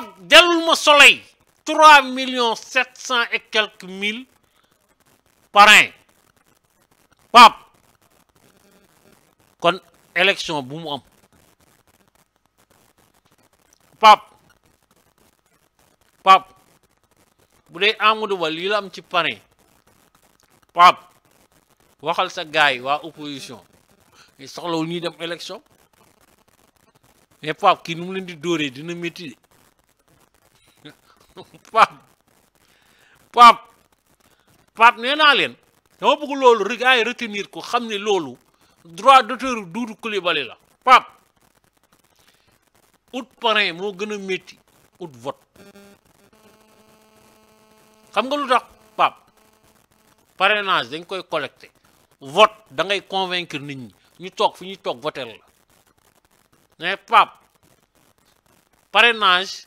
Europe dellul soleil trois millions sept cent et quelques mille an pap kon élection bu mu am pap pap bu dee Amadou Ba lii la am ci parrain pap waxal sa gaay wa opposition opposition soxlaw ni dem élection mais pap ki num mu leen di doré dina métti pap pap pap nee naa leen dama bëgg loolu rek ay retenir ko xam ne loolu droit d'auteur Doudou Coulibaly la pap ut parrain moo gën a métti ut vote xam nga lu tax pap parrainage dañ koy collecté vot da ngay convaincre nit ñi ñu toog fi ñuy toog votel la mais pap parrainage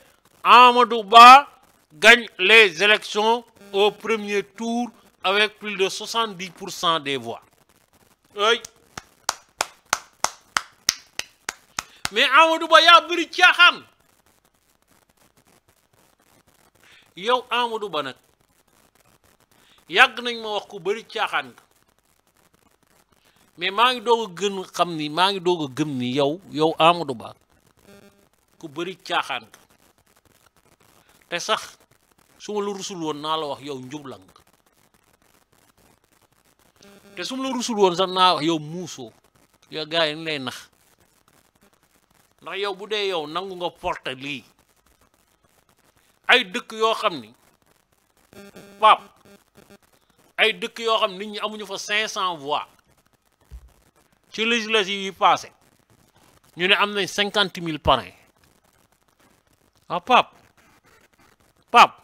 Amadou Ba gagne les élections au premier tour avec plus de 70% des voix. Oui. Mais Amadou Ba y'a yo Amadouba ya Amadou Ba nag yàgg nañ ma wax mais ma ngi ni ngi ni yow Amadou Ba resah sax suluan ma yo rusul woon naa la wax yow njublang te su ma la rusul yo sax naa wax yow muusoo yo gars yi nangu nga porte li ay dëkk yo xamni ni ay dëkk yo xam nit ñi amuñu fa 500 voix ci législatives yi passé ñu né am nañ parrain ah pap Pape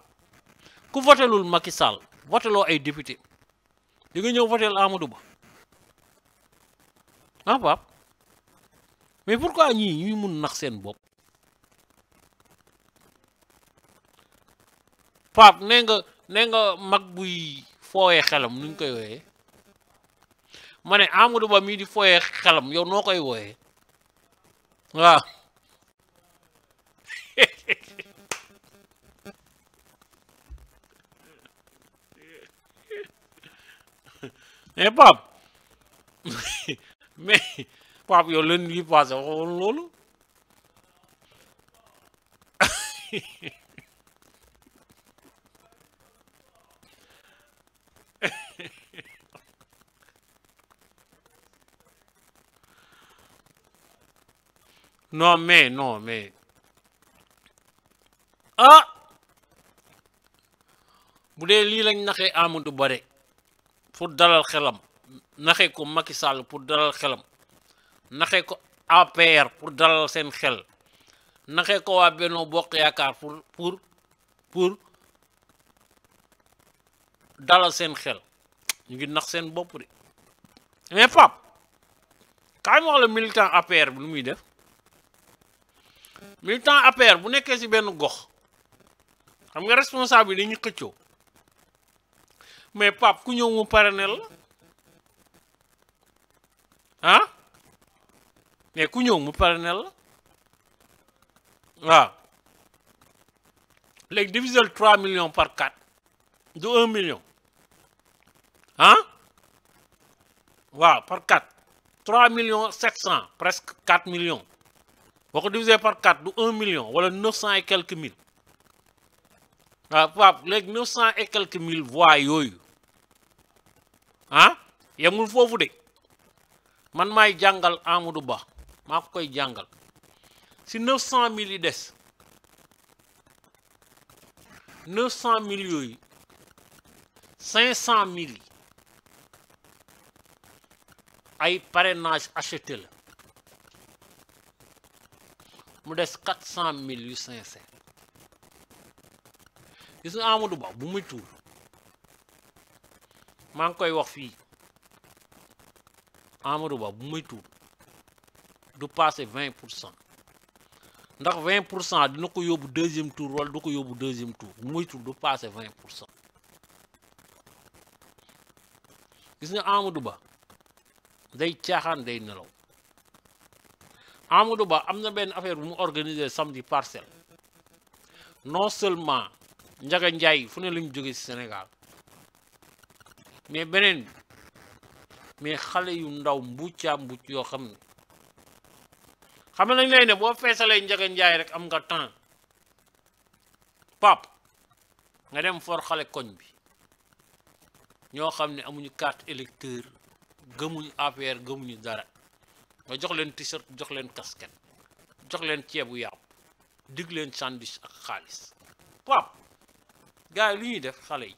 ku votelul Macky Sall voteloo ay député di nga ñëw votel Amadou Ba ah Pape mais pourquoi ñii ñuy mun nax seen bopp Pape nee nga nee nga mag buy fooyee xelam nuñ koy wooyee ma ne Amadou Ba mii di fooyee xelam yow noo koy wooyee waaw mais eh, Pape mais Pape yow leen yi passé waxoon loolu non mais ah! bu dee lii lañ naxee Amadou Ba rek pour dalal xelam naxé ko Macky Sall pour dalal xelam naxé ko APR pour dalal sen xel naxé ko wa Beno Bokk Yakar pour pour pour dalal sen xel ñu ngi nax sen bop ri mais pap kaay mo wax militant APR bu muy def militant APR bu nekké ci ben gox xam nga responsable ni xëccoo mais Pape ku ñëw mu de hein? mais ku ñëw mu de 3 millions par 4 De 1 million Hein? Voilà, par 4 3 millions 700 presque 4 millions Vous divisez par 4 de 1 million voilà 900 et quelques mille Ah, pap 900 et quelques mille voix ah yemul foofu de man maay jàngal Amadou Ba maa ko koy jàngal si neuf cent mille yi des neuf cent mille yooyu cinq cent yi ay parrainage acheté la mu des quatre cent mille yu sincère gis nga Ba bu muy tuur maa koy wax fi Amadou Ba bu muy tour du passer 20% ndax 20% dina ko deuxième tour wala du ko yobou deuxième tour bu muy do du 20%. vingt gis nga Amadou Ba day tiaxan day nelaw Amadou Ba amna ben affaire bu mu organiser samedi parcelle non seulement Njaga njay fune ne la ñu ci Sénégal mais benen mais xalé yu ndaw mbuccaa mbucc yoo xam ne xam nañ lay ne bo feesalee njege njaay rek am nga temps pap nga dem for xalé koñ bi ño xam ne amuñu carte électeur gëmuñu affaire gëmuñu dara nga jox leen t-shirt jox leen casquette jox leen ciébu dig leen sandwich ak xaliss pap gali yi def xalé yi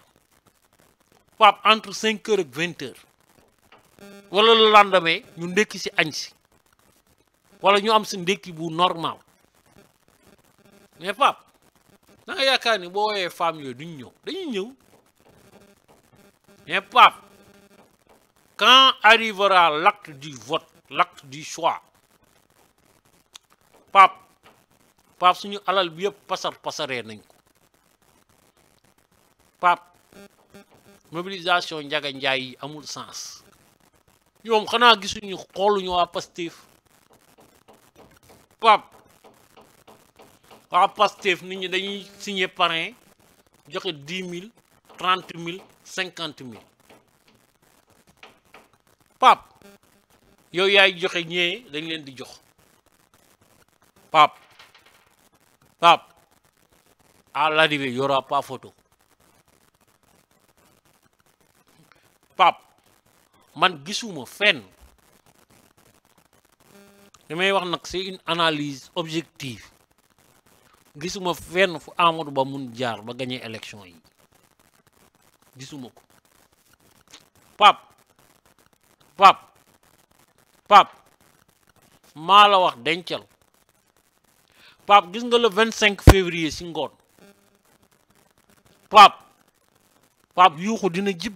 Pape entre cinq heures ak vingt heures wala le lendemain ñu ndékki si añ si wala ñu am si ndékki bu normal mais Pape da yaakaar ni boo woowee femme yooyu duñ ñëw dañuy ñëw mais Pape quand arrivera l'acte du vote l'acte du choix Pape Pape suñu alal bi yëpp pasar pasaree nañ ko Pape mobilisation Ndiaga Ndiaye yi amul sens ñoom xanaa gisuñu xooluñu waa Pastef pap waa Pastef nit ñi dañuy signé parrain joxe dix mille trente mille cinquante mille pap yow yaay joxe ñee dañ leen di jox pap pap à l'arrivée y aura pas photo pap man gisuma fen demay wax nak c'est une analyse objective gisuma fen fu Amadou Ba mun jaar ba gagné élection yi gisuma ko pap pap pap mala wax dencal pap gis nga le 25 février ci ngor pap pap ko dina jib